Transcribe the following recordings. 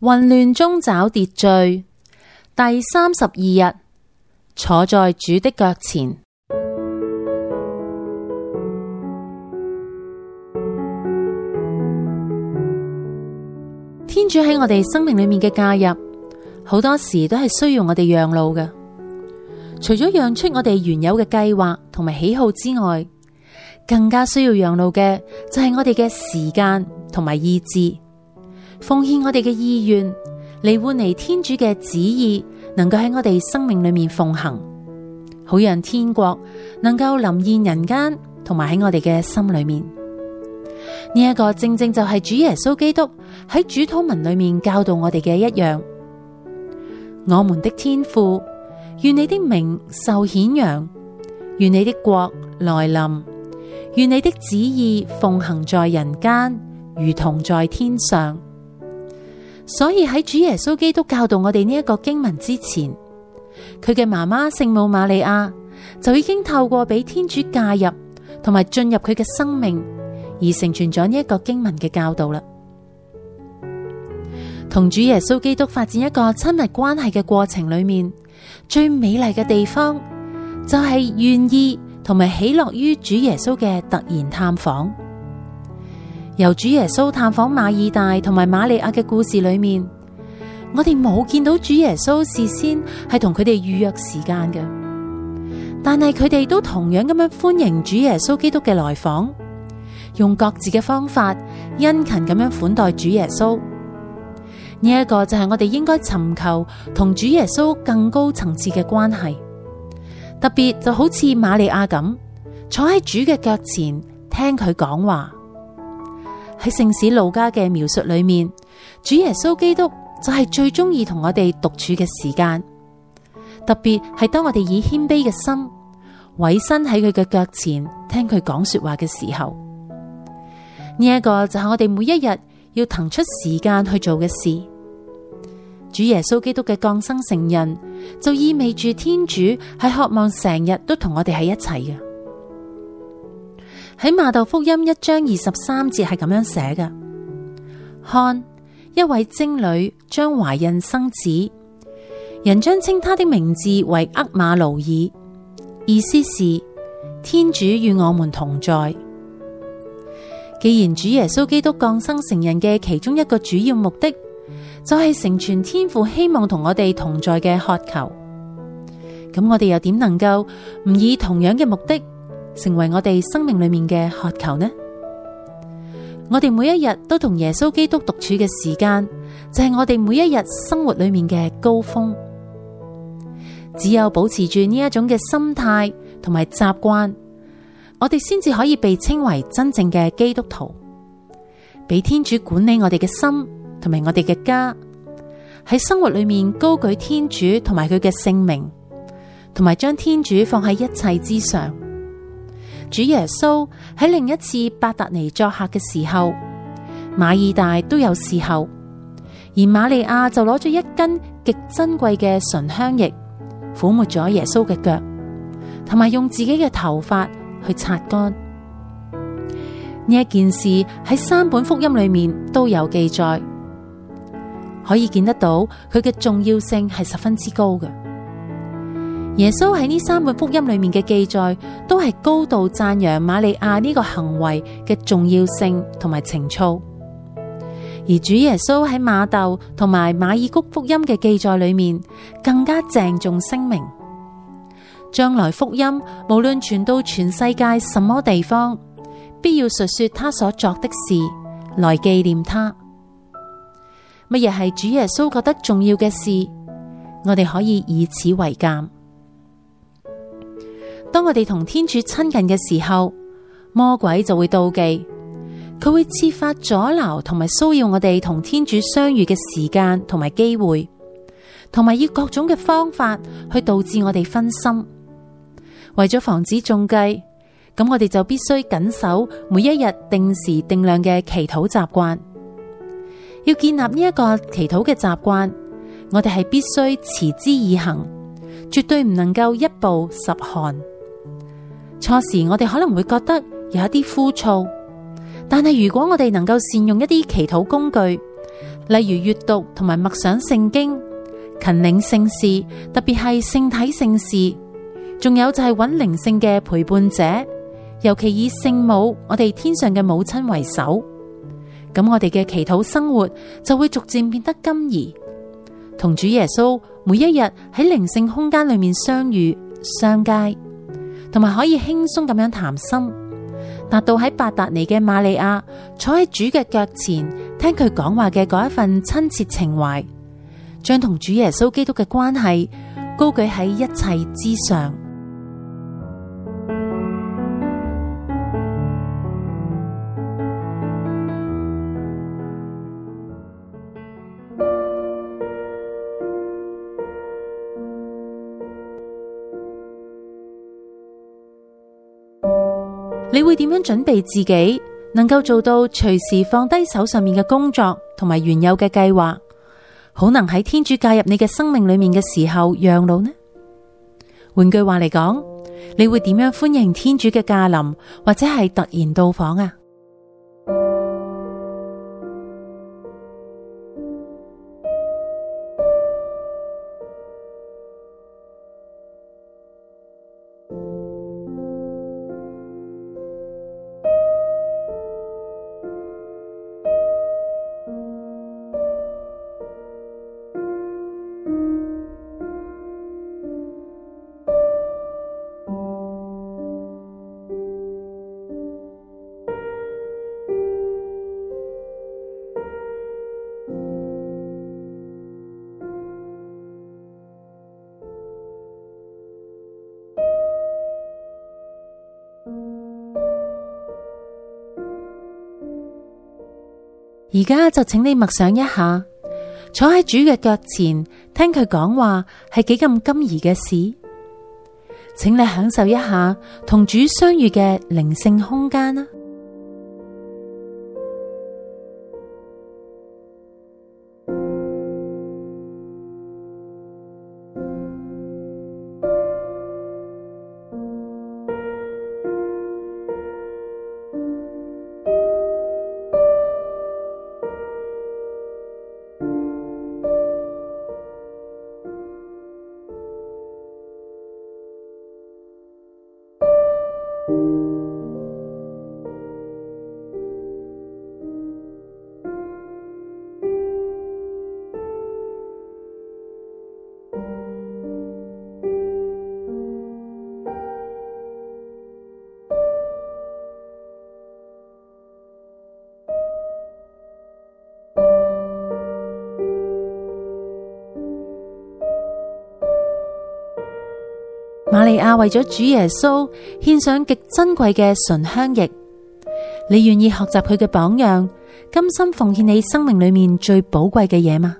混亂中找秩序。第三十二日，坐在主的腳前。天主喺我哋生命裏面嘅介入，好多時都係需要我哋讓路嘅。除咗讓出我哋原有嘅計劃同埋喜好之外，更加需要讓路嘅就係我哋嘅時間同埋意志。奉獻我哋嘅意願嚟換嚟天主嘅旨意，能夠喺我哋生命裏面奉行，好讓天國能夠臨現人間，同埋喺我哋嘅心裏面呢一，這個正正就係主耶穌基督喺主禱文裏面教導我哋嘅一樣。我們的天父，願你的名受顯揚，願你的國來臨，願你的旨意奉行在人間，如同在天上。所以喺主耶穌基督教導我哋呢一個經文之前，佢嘅媽媽聖母瑪利亞就已經透過俾天主介入同埋進入佢嘅生命，而成全咗呢一個經文嘅教導啦。同主耶穌基督發展一個親密關係嘅過程裏面，最美麗嘅地方就係願意同埋喜樂於主耶穌嘅突然探訪。由主耶穌探訪瑪爾大同埋瑪利亞嘅故事裏面，我哋冇見到主耶穌事先係同佢哋預約時間嘅，但係佢哋都同樣咁樣歡迎主耶穌基督嘅來訪，用各自嘅方法殷勤咁樣款待主耶穌。呢、這、一個就係我哋應該尋求同主耶穌更高層次嘅關係，特別就好似瑪利亞咁坐喺主嘅腳前聽佢講話。喺聖史路加嘅描述裏面，主耶穌基督就係最中意同我哋獨處嘅時間，特別係當我哋以謙卑嘅心委身喺佢嘅腳前聽佢講說話嘅時候，呢、這、一個就係我哋每一日要騰出時間去做嘅事。主耶穌基督嘅降生、成人，就意味住天主係渴望成日都同我哋喺一齊嘅。喺《馬竇福音》，一章二十三節係咁樣寫嘅：「看，一位貞女將懷孕生子，人將稱他的名字為厄馬奴耳，意思是天主與我們同在。既然主耶穌基督降生成人嘅其中一個主要目的，就係、是、成全天父希望同我哋同在嘅渴求，咁我哋又點能夠唔以同樣嘅目的，成為我哋生命裏面嘅渴求呢？我哋每一日都同耶穌基督獨處嘅時間，就係我哋每一日生活裏面嘅高峰。只有保持住呢一種嘅心態同埋習慣，我哋先至可以被稱為真正嘅基督徒，俾天主管理我哋嘅心同埋我哋嘅家，喺生活裏面高舉天主同埋佢嘅聖名，同埋將天主放喺一切之上。主耶穌喺另一次伯達尼作客嘅時候，馬爾大都有侍候，而瑪利亞就攞咗一斤極珍貴嘅純香液，敷抹咗耶穌嘅腳，同埋用自己嘅頭髮去擦乾。呢一件事喺三本福音裏面都有記載，可以見得到佢嘅重要性係十分之高嘅。耶穌喺呢三個福音裏面嘅記載，都係高度讚揚瑪利亞呢個行為嘅重要性同埋情操。而主耶穌喺馬竇同埋馬爾谷福音嘅記載裏面，更加鄭重聲明：將來福音無論傳到全世界什麼地方，必要述說他所作的事，來紀念他。乜嘢係主耶穌覺得重要嘅事？我哋可以以此為鑒。當我哋同天主親近嘅時候，魔鬼就會妒忌，佢會設法阻撓同埋騷擾我哋同天主相遇嘅時間同埋機會，同埋以要各種嘅方法去導致我哋分心。為咗防止中計，咁我哋就必須謹守每一日定時定量嘅祈禱習慣。要建立呢一個祈禱嘅習慣，我哋係必須持之以恒，絕對唔能夠一曝十寒。初時，我哋可能會覺得有一啲枯燥。但係如果我哋能夠善用一啲祈禱工具，例如閱讀同埋默想聖經、勤領聖事，特別係聖體聖事，仲有就係揾靈性嘅陪伴者，尤其以聖母我哋天上嘅母親為首，咁我哋嘅祈禱生活就會逐漸變得甘飴，同主耶穌每一日喺靈性空間裏面相遇相偕。同埋可以輕鬆咁樣談心，達到喺伯達尼嘅瑪利亞坐喺主嘅腳前聽佢講話嘅嗰一份親切情懷，將同主耶穌基督嘅關係高舉喺一切之上。你會點樣準備自己，能夠做到隨時放低手上面嘅工作同埋原有嘅計劃，好能喺天主介入你嘅生命裏面嘅時候讓路呢？換句話嚟講，你會點樣歡迎天主嘅駕臨，或者係突然到訪啊？而家就請你默想一下，坐喺主嘅腳前聽佢講話係幾咁甘飴嘅事，請你享受一下同主相遇嘅靈性空間啦。瑪利亞為咗主耶穌獻上極珍貴嘅純香液，你願意學習佢嘅榜樣，甘心奉獻你生命裏面最寶貴嘅嘢嗎？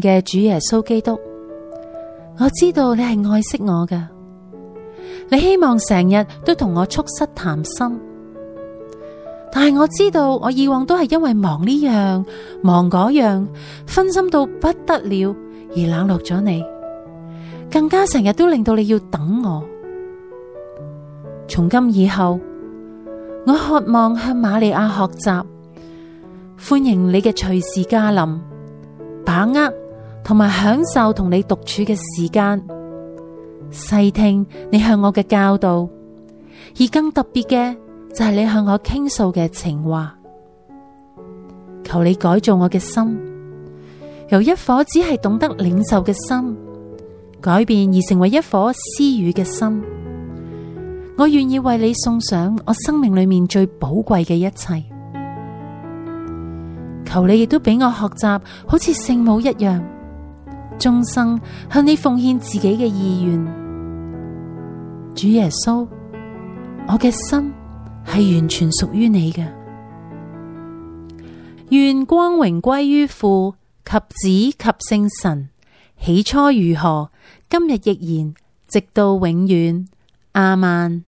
嘅主耶穌基督，我知道你係愛惜我噶你希望成日都同我促膝談心，但係我知道我以往都係因為忙呢樣忙嗰樣，分心到不得了而冷落咗你，更加成日都令到你要等我。從今以後，我渴望向瑪利亞學習，歡迎你嘅隨時駕臨，把握，同埋享受同你獨處嘅時間，細聽你向我嘅教導，而更特別嘅就係你向我傾訴嘅情話。求你改造我嘅心，由一顆只係懂得領受嘅心，改變而成為一顆施與嘅心。我願意為你送上我生命裏面最寶貴嘅一切。求你亦都俾我學習，好似聖母一樣。終生向你奉獻自己嘅意願。主耶穌，我嘅心係完全屬於你嘅。願光榮歸於父及子及聖神，起初如何，今日亦然，直到永遠，亞孟。